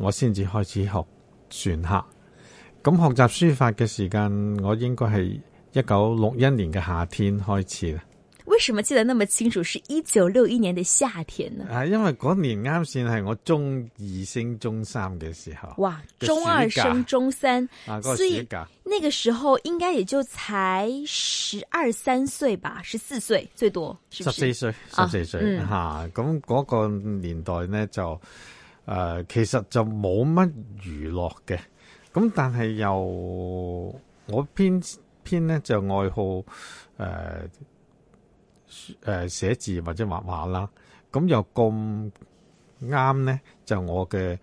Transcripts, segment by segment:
我先至開始學篆刻。咁學習書法嘅時間，我應該係一九六一年嘅夏天開始啦。為什麼記得那麼清楚？是一九六一年嘅夏天呢？啊，因為嗰年啱先係我中二升中三嘅時候時。哇，中二升中三，啊、時所以那個時候應該也就才十二三歲吧，十四歲最多。十四歲，十四歲吓，咁嗰、啊嗯啊那個年代呢，就。誒、呃，其實就冇乜娛樂嘅，咁但係又我偏偏咧就愛好誒誒寫字或者畫畫啦，咁又咁啱咧就我嘅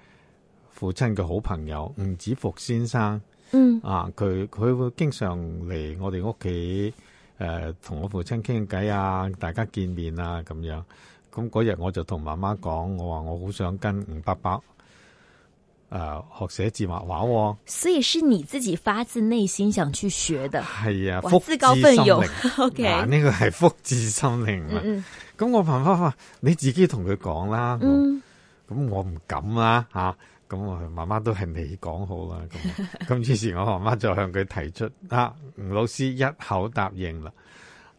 父親嘅好朋友吳子復先生，嗯啊，佢佢會經常嚟我哋屋企誒同我父親傾偈啊，大家見面啊咁樣。咁嗰日我就同媽媽講，我話我好想跟吳伯伯誒學寫字畫畫。哦，所以是你自己發自內心想去學的？係、嗯、啊，自告奮勇呢個係福至心靈啦。咁、嗯嗯嗯、我媽媽話，你自己同佢講啦，咁、嗯嗯嗯、我唔敢啦、啊、吓，咁我媽媽都係你講好啦。咁、嗯、於 是我媽媽就向佢提出啊，吳老師一口答應啦，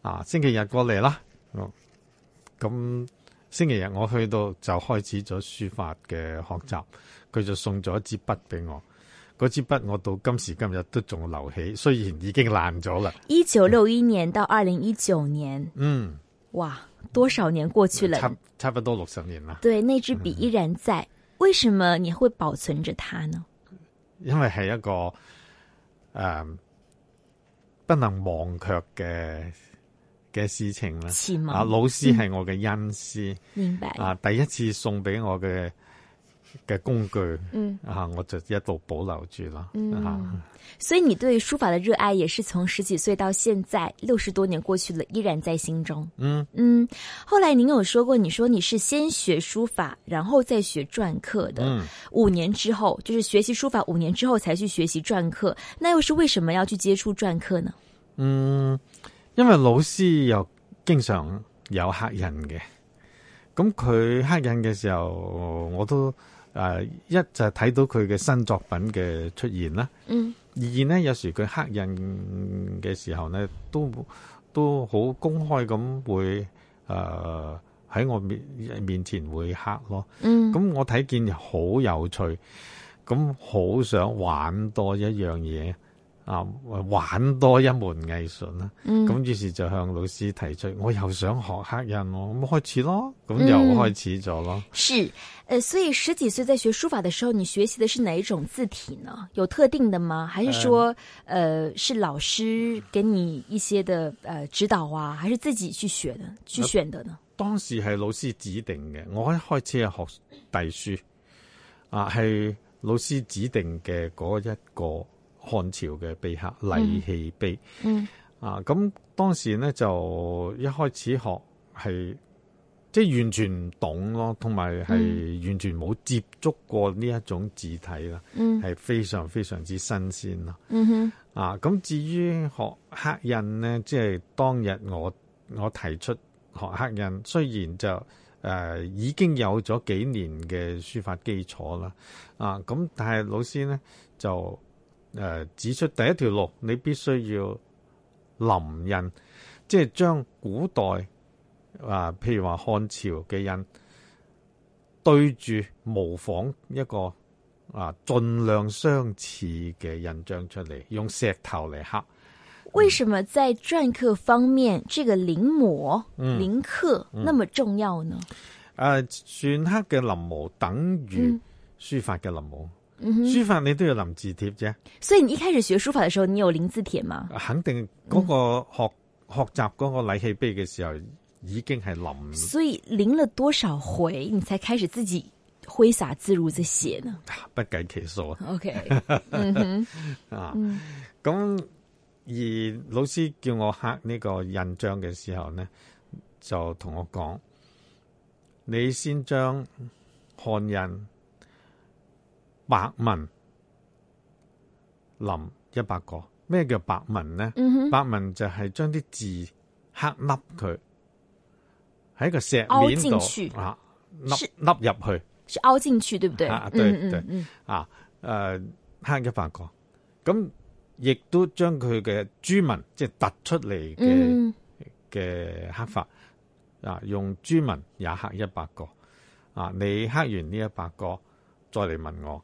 啊星期日過嚟啦，咁、啊。星期日我去到就開始咗書法嘅學習，佢就送咗一支筆俾我。嗰支筆我到今時今日都仲留起，雖然已經爛咗啦。一九六一年到二零一九年，嗯，哇，多少年過去了？差、嗯、差不多六十年啦。對，那支筆依然在、嗯，為什麼你會保存着它呢？因為係一個誒、呃、不能忘卻嘅。嘅事情啦，啊，嗯、老師係我嘅恩師明白，啊，第一次送俾我嘅嘅工具，嗯，啊，我就一度保留住咯、嗯啊，所以你對書法的熱愛也是從十幾歲到現在，六十多年過去了，依然在心中，嗯嗯。後來您有說過，你說你是先學書法，然後再學篆刻的、嗯，五年之後，就是學習書法五年之後才去學習篆刻，那又是為什麼要去接觸篆刻呢？嗯。因為老師又經常有刻印嘅，咁佢刻印嘅時候，我都誒、呃、一就睇到佢嘅新作品嘅出現啦。嗯，二咧有時佢刻印嘅時候咧，都都好公開咁會誒喺、呃、我面面前會刻咯。嗯，咁我睇見好有趣，咁好想玩多一樣嘢。啊！玩多一門藝術啦，咁於是就向老師提出，嗯、我又想學刻印，我開始咯，咁又開始咗咯、嗯。是，誒、呃，所以十幾歲在學書法的時候，你學習的是哪一種字體呢？有特定的嗎？還是說，誒、嗯呃，是老師給你一些的誒指導啊？還是自己去學的？去選的呢？呃、當時係老師指定嘅，我一開始係學隸書，啊、呃，係老師指定嘅嗰一個。漢朝嘅碑刻，禮器碑。嗯。嗯啊，咁當時咧就一開始學係即係完全唔懂咯，同埋係完全冇接觸過呢一種字體啦。嗯。係非常非常之新鮮啦。嗯哼。啊，咁至於學刻印咧，即係當日我我提出學刻印，雖然就誒已經有咗幾年嘅書法基礎啦。啊，咁但係老師咧就。誒、呃，指出第一條路，你必須要臨印，即係將古代啊、呃，譬如話漢朝嘅印，對住模仿一個啊，盡、呃、量相似嘅印章出嚟，用石頭嚟刻。嗯。為什麼在篆刻方面，這個臨摹、臨、嗯、刻那麼重要呢？誒、呃，篆刻嘅臨摹等於書法嘅臨摹。嗯 Mm-hmm. 書法你都要臨字帖啫，所以你一開始學書法嘅時候，你有臨字帖嗎？肯定嗰個學、mm-hmm. 學習嗰個禮器碑嘅時候，已經係臨。所以臨了多少回，你才開始自己揮灑自如咁寫呢？不計其數。OK，、mm-hmm. 啊，咁、mm-hmm. 嗯、而老師叫我刻呢個印章嘅時候呢，就同我講，你先將漢印。白文林一百個，咩叫白文咧？Mm-hmm. 白文就係將啲字刻凹佢喺個石面度啊，凹凹入去，是凹進去對唔對？啊，對對、mm-hmm. 啊，誒、呃、刻一百個咁，亦都將佢嘅朱文即係突出嚟嘅嘅刻法啊，用朱文也刻一百個啊。你刻完呢一百個再嚟問我。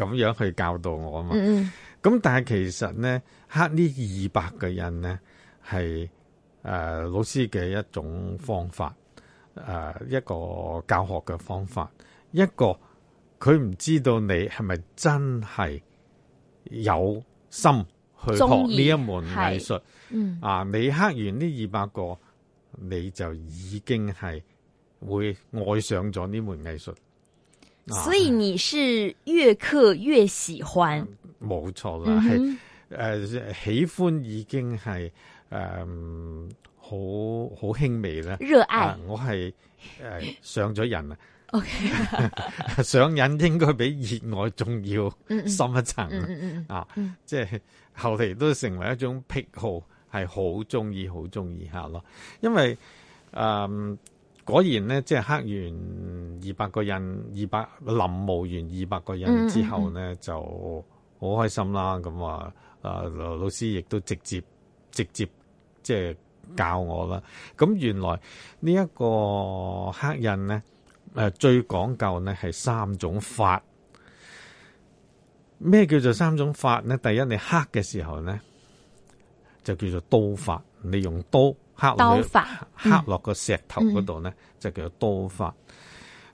咁樣去教導我啊嘛，咁、嗯、但係其實咧，刻呢二百個人咧係誒老師嘅一種方法，誒、呃、一個教學嘅方法，一個佢唔知道你係咪真係有心去學呢一門藝術，嗯啊，你刻完呢二百個，你就已經係會愛上咗呢門藝術。所以你是越刻越喜歡，冇、啊、錯、嗯、啦，係、嗯、誒、呃、喜歡已經係誒好好輕微啦，熱愛、呃、我係誒、呃、上咗癮啦，OK 上癮應該比熱愛仲要深一層、嗯嗯，啊即係、就是、後嚟都成為一種癖好，係好中意好中意下咯，因為誒。呃果然咧，即係刻完二百個人，二百臨摹完二百個人之後咧，嗯嗯嗯嗯就好開心啦。咁啊，劉老師亦都直接直接即係教我啦。咁原來呢一個刻印咧，誒，最講究咧係三種法。咩叫做三種法咧？第一，你刻嘅時候咧，就叫做刀法，你用刀。刻落、嗯、刻落個石頭嗰度咧，就叫做刀法。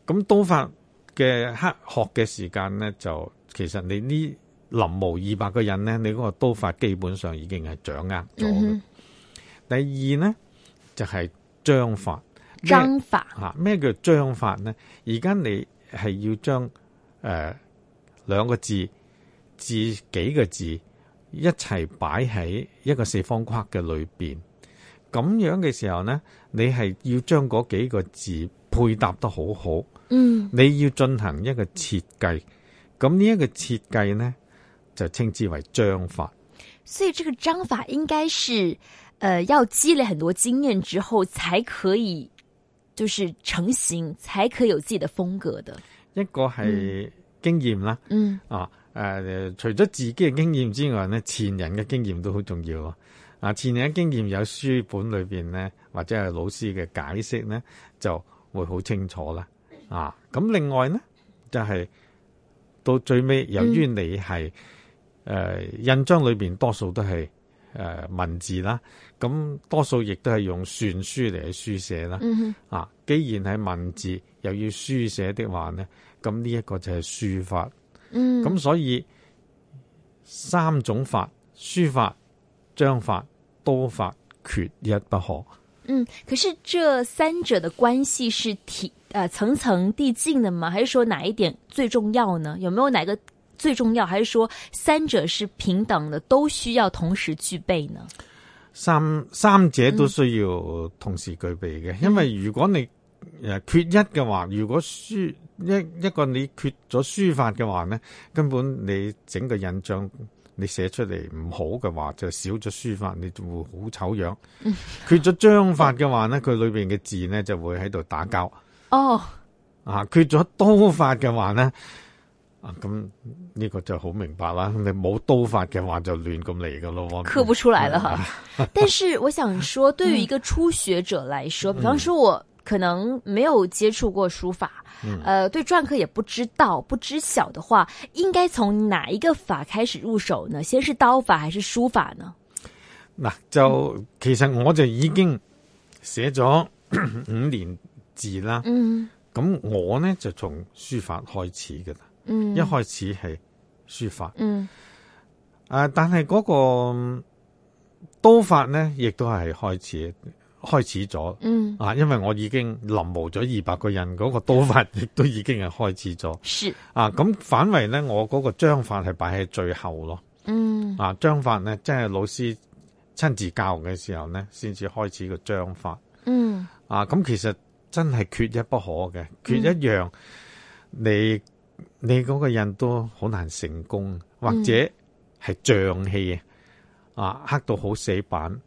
咁、嗯、刀法嘅刻學嘅時間咧，就其實你呢臨摹二百個人咧，你嗰個刀法基本上已經係掌握咗、嗯、第二咧就係、是、章法，章法吓，咩叫章法咧？而家你係要將誒兩個字字幾個字一齊擺喺一個四方框嘅裏邊。咁樣嘅時候呢，你係要將嗰幾個字配搭得好好，嗯，你要進行一個設計，咁呢一個設計呢就稱之為章法。所以，這個章法應該是，誒、呃，要積累很多經驗之後才可以，就是成型，才可以有自己的風格的。一個係經驗啦，嗯，哦、啊，誒、呃，除咗自己嘅經驗之外呢，前人嘅經驗都好重要。啊，前年經驗有書本裏邊咧，或者係老師嘅解釋咧，就會好清楚啦。啊，咁另外咧，就係到最尾，由於你係誒印章裏邊多數都係誒文字啦，咁多數亦都係用篆書嚟去書寫啦。啊，既然係文字又要書寫的話咧，咁呢一個就係書法。嗯。咁所以三種法，書法。章法多法缺一不可。嗯，可是這三者的關係是體誒、呃、層層遞進的嗎？還是說哪一點最重要呢？有沒有哪個最重要？還是說三者是平等的，都需要同時具備呢？三三者都需要同時具備嘅、嗯，因為如果你誒缺一嘅話，如果書一一,一個你缺咗書法嘅話呢根本你整個印章。你寫出嚟唔好嘅話，就少咗書法，你仲會好醜樣。缺、嗯、咗章法嘅話咧，佢、嗯、裏邊嘅字咧就會喺度打交。哦，啊，缺咗刀法嘅話咧，啊咁呢個就好明白啦。你冇刀法嘅話就亂咁嚟噶咯，刻唔出嚟啦 但係我想說，對於一個初學者來說，嗯、比方說我。可能沒有接觸過書法，誒、嗯呃，對篆刻也不知道、不知曉的話，應該從哪一個法開始入手呢？先是刀法還是書法呢？嗱，就其實我就已經寫咗五年字啦，嗯，咁我呢，就從書法開始噶啦，嗯，一開始係書法，嗯，呃、但係嗰個刀法呢，亦都係開始。開始咗、嗯，啊，因為我已經臨摹咗二百個人嗰、那個刀法，亦都已經係開始咗。啊，咁反為咧，我嗰個章法係擺喺最後咯。嗯啊，章法咧，即係老師親自教嘅時候咧，先至開始個章法。嗯啊，咁其實真係缺一不可嘅，缺一樣，嗯、你你嗰個人都好難成功，或者係脹氣啊，黑到好死板。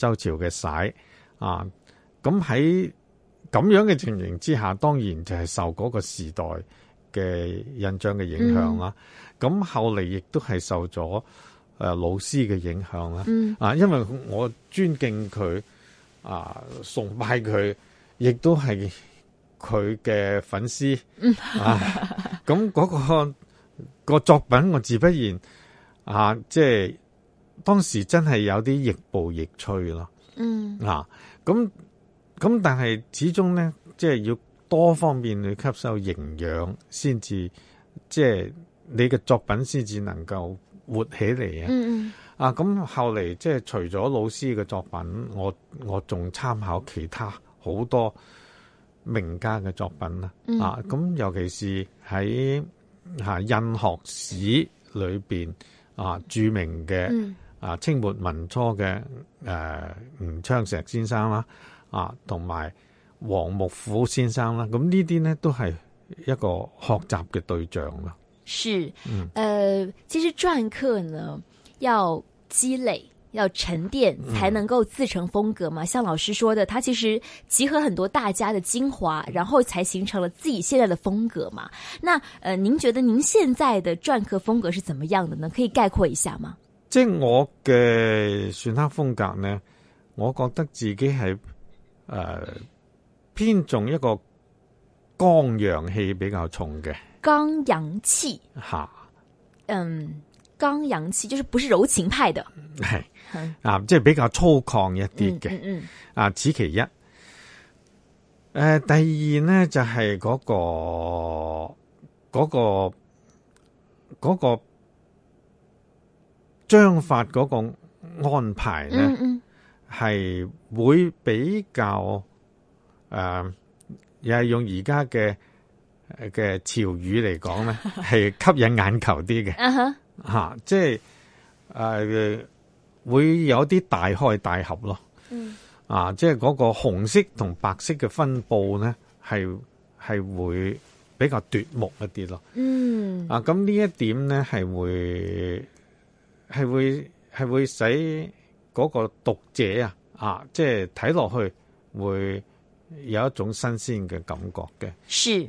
周朝嘅璽，啊，咁喺咁樣嘅情形之下，當然就係受嗰個時代嘅印象嘅影響啦。咁、嗯啊、後嚟亦都係受咗誒、啊、老師嘅影響啦。啊，因為我尊敬佢啊，崇拜佢，亦都係佢嘅粉絲啊。咁嗰、嗰個、個作品，我自不然啊，即係。當時真係有啲亦步亦趨咯，嗯，啊，咁咁，但係始終咧，即係要多方面去吸收營養，先至即係你嘅作品先至能夠活起嚟啊，嗯嗯，啊，咁後嚟即係除咗老師嘅作品，我我仲參考其他好多名家嘅作品啦，嗯，啊，咁尤其是喺吓，啊，印學史裏邊啊著名嘅，嗯，啊，清末民初嘅，誒、吳昌碩先生啦，啊，同埋黃牧甫先生啦，咁呢啲呢，都係一個學習嘅對象啦。是，嗯呃、其實篆刻呢，要積累，要沉澱，才能夠自成風格嘛，嗯。像老師說的，他其實集合很多大家的精華，然後才形成了自己現在的風格嘛。那，呃、您覺得您現在的篆刻風格是怎麼樣的呢？可以概括一下嗎？即係我嘅篆刻風格咧，我覺得自己係誒、呃、偏重一個剛陽氣比較重嘅。剛陽氣吓、啊，嗯，剛陽氣就是不是柔情派嘅，係係啊，即係比較粗獷一啲嘅，嗯嗯。啊，此其一。誒、呃，第二咧就係嗰個嗰個嗰個。那個那個那個章法嗰個安排咧，係、嗯嗯、會比較誒，又、呃、係用而家嘅嘅潮語嚟講咧，係吸引眼球啲嘅。吓、 啊，即係誒，會有啲大開大合咯。嗯、啊，即係嗰個紅色同白色嘅分佈咧，係係會比較奪目一啲咯。嗯，啊，咁呢一點咧係會。係會係會使嗰個讀者啊，啊，即係睇落去會有一種新鮮嘅感覺嘅。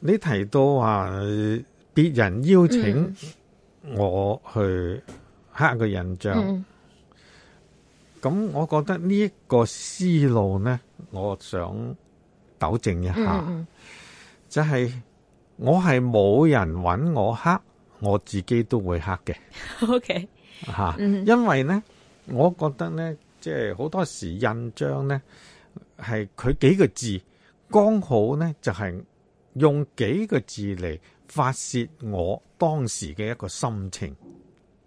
你提到話別人邀請我去刻個印章，咁，嗯，我覺得呢個思路咧，我想糾正一下，嗯，就係、是、我係冇人搵我刻，我自己都會刻嘅。O K. 吓，因為咧，我覺得咧，即係好多時印章咧係佢幾個字，剛好咧就係、是。用幾個字嚟發泄我當時嘅一個心情，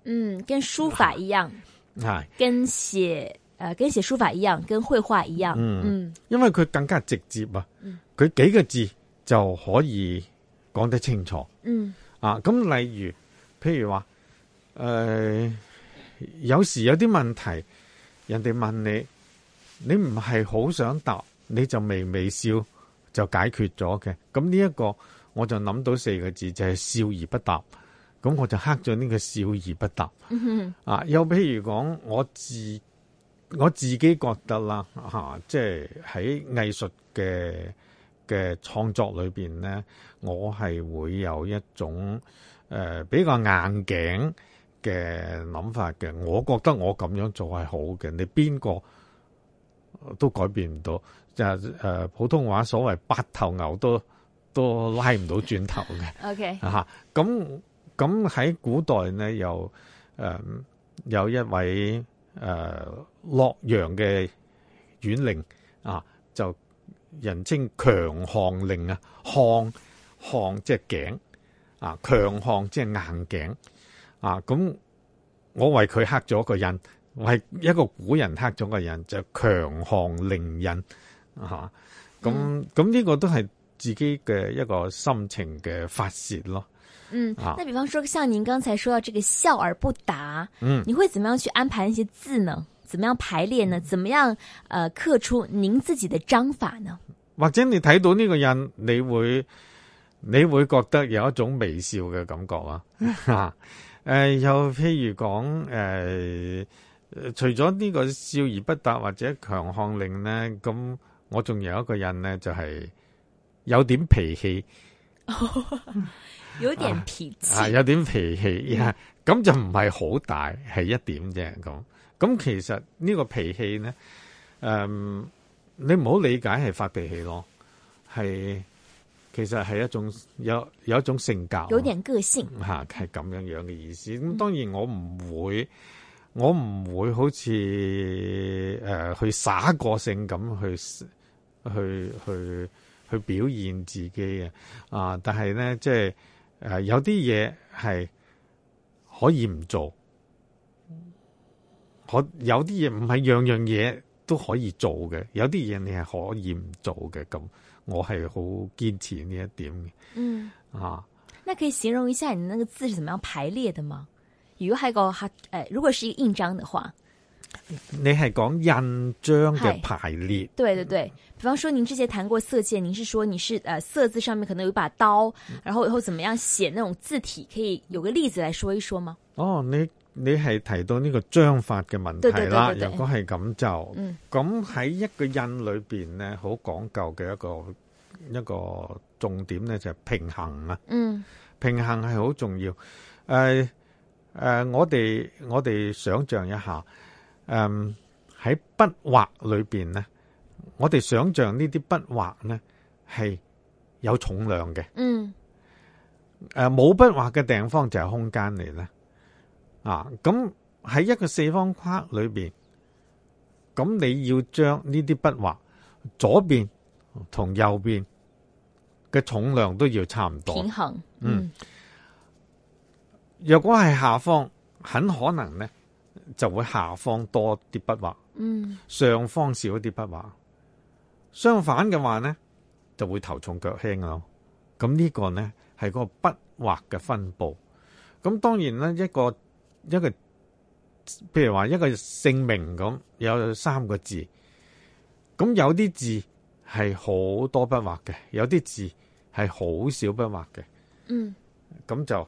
嗯，跟書法一樣，係跟寫，誒，跟寫、呃、跟寫書法一樣，跟繪畫一樣，嗯，嗯，因為佢更加直接啊，佢幾個字就可以講得清楚，嗯，啊，咁例如，譬如話，誒、呃，有時有啲問題，人哋問你，你唔係好想答，你就微微笑。就解決咗嘅，咁呢一個我就諗到四個字，就係、是、笑而不答。咁我就刻咗呢個笑而不答。嗯、啊，又譬如講，我自我自己覺得啦，嚇、啊，即係喺藝術嘅嘅創作裏邊咧，我係會有一種誒、呃、比較硬頸嘅諗法嘅。我覺得我咁樣做係好嘅，你邊個都改變唔到，就普通話所謂八頭牛都都拉唔到轉頭嘅。 OK 吓，咁咁喺古代呢，又、呃、有一位、呃、洛陽嘅縣令啊，就人稱強項令啊，項項即係頸啊，強項即係硬頸啊。咁我為佢刻咗個印，我係一個古人刻咗個印，就強項令印。吓、啊，咁咁呢個都係自己嘅一個心情嘅發泄咯。嗯，吓，那比方說，像您剛才說到這個笑而不答，嗯，你會怎麼樣去安排一些字呢？怎麼樣排列呢？嗯、怎麼樣，誒、呃，刻出您自己的章法呢？或者你睇到呢個人，你會你會覺得有一種微笑嘅感覺啊？吓，誒、啊，又、呃、譬如講，誒、呃，除咗呢個笑而不答或者強項令呢。咁、嗯。我仲有一個人咧，就係、是、有點脾氣、 啊啊，有點脾氣、嗯嗯，有點脾氣咁就唔係好大，係一點啫。咁咁其實呢個脾氣咧，誒，你唔好理解係發脾氣咯，係其實係一種有有一種性格，有點個性吓，係、啊、咁樣樣嘅意思。咁當然我唔會，我唔會好似誒、呃、去耍個性咁去。去去去表現自己嘅，啊，但係咧，即係誒，有啲嘢係可以唔做，可以有啲嘢唔係樣樣嘢都可以做嘅，有啲嘢你係可以唔做嘅。咁我係好堅持呢一點嘅。嗯啊，那可以形容一下你那個字是怎麼樣排列的嗎？如果係個誒，如果是一個印章嘅話。你係講印章嘅排列，對對對。比方說，您之前談過色字，您是說你是，誒，色字上面可能有一把刀，然後以後怎麼樣寫那種字體？可以有個例子來說一說嗎？哦，你你係提到呢個章法嘅問題啦。嗯、對對對對對，如果係咁就咁喺、嗯、一個印裏邊呢，好講究嘅一個一個重點呢，就係、是、平衡啊。嗯，平衡係好重要。誒、呃、誒、呃，我哋我哋想象一下。誒、嗯，喺筆畫裏邊咧，我哋想象呢啲筆畫咧係有重量嘅。嗯。誒、啊，冇筆畫嘅地方就係空間嚟咧。啊，咁喺一個四方框裏邊，咁你要將呢啲筆畫左邊同右邊嘅重量都要差唔多。平衡。嗯。若果係下方，很可能咧。就會下方多啲筆畫，嗯，上方少啲筆畫。相反嘅話咧，就會頭重腳輕咯。咁呢個咧係個筆畫嘅分佈。咁當然咧，一個一個，譬如話一個姓名咁，有三個字。咁有啲字係好多筆畫嘅，有啲字係好少筆畫嘅。嗯，咁就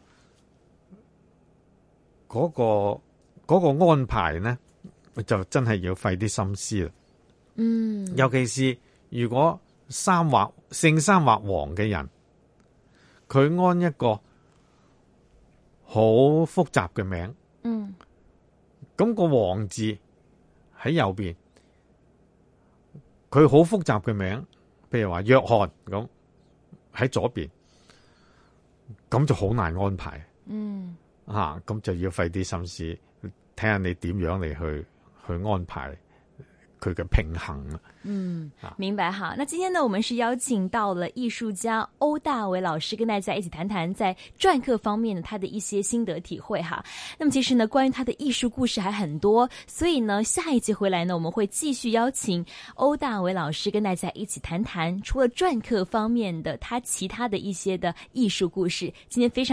嗰個。嗰個安排呢，就真係要費啲心思啦。嗯，尤其是如果三畫姓三畫王嘅人，佢安一個好複雜嘅名。嗯，咁個王字喺右邊，佢好複雜嘅名，譬如話約翰咁喺左邊，咁就好難安排。嗯，啊，咁就要費啲心思。睇下你點樣嚟去去安排佢嘅平衡啊。嗯，明白哈。那今天呢，我們是邀請到了藝術家區大為老師，跟大家一起談談在篆刻方面呢，他的一些心得體會哈。那麼其實呢，關於他的藝術故事還很多，所以呢，下一集回來呢，我們會繼續邀請區大為老師跟大家一起談談，除了篆刻方面的，他其他的一些的藝術故事。今天非常。